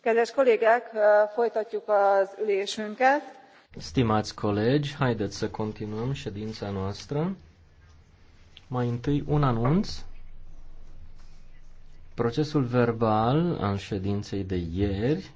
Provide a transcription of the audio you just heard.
Kedves kollégák, folytatjuk az ülésünket. Stimați colegi, haideți să continuăm ședința noastră. Mai întâi un anunț. Procesul verbal al ședinței de ieri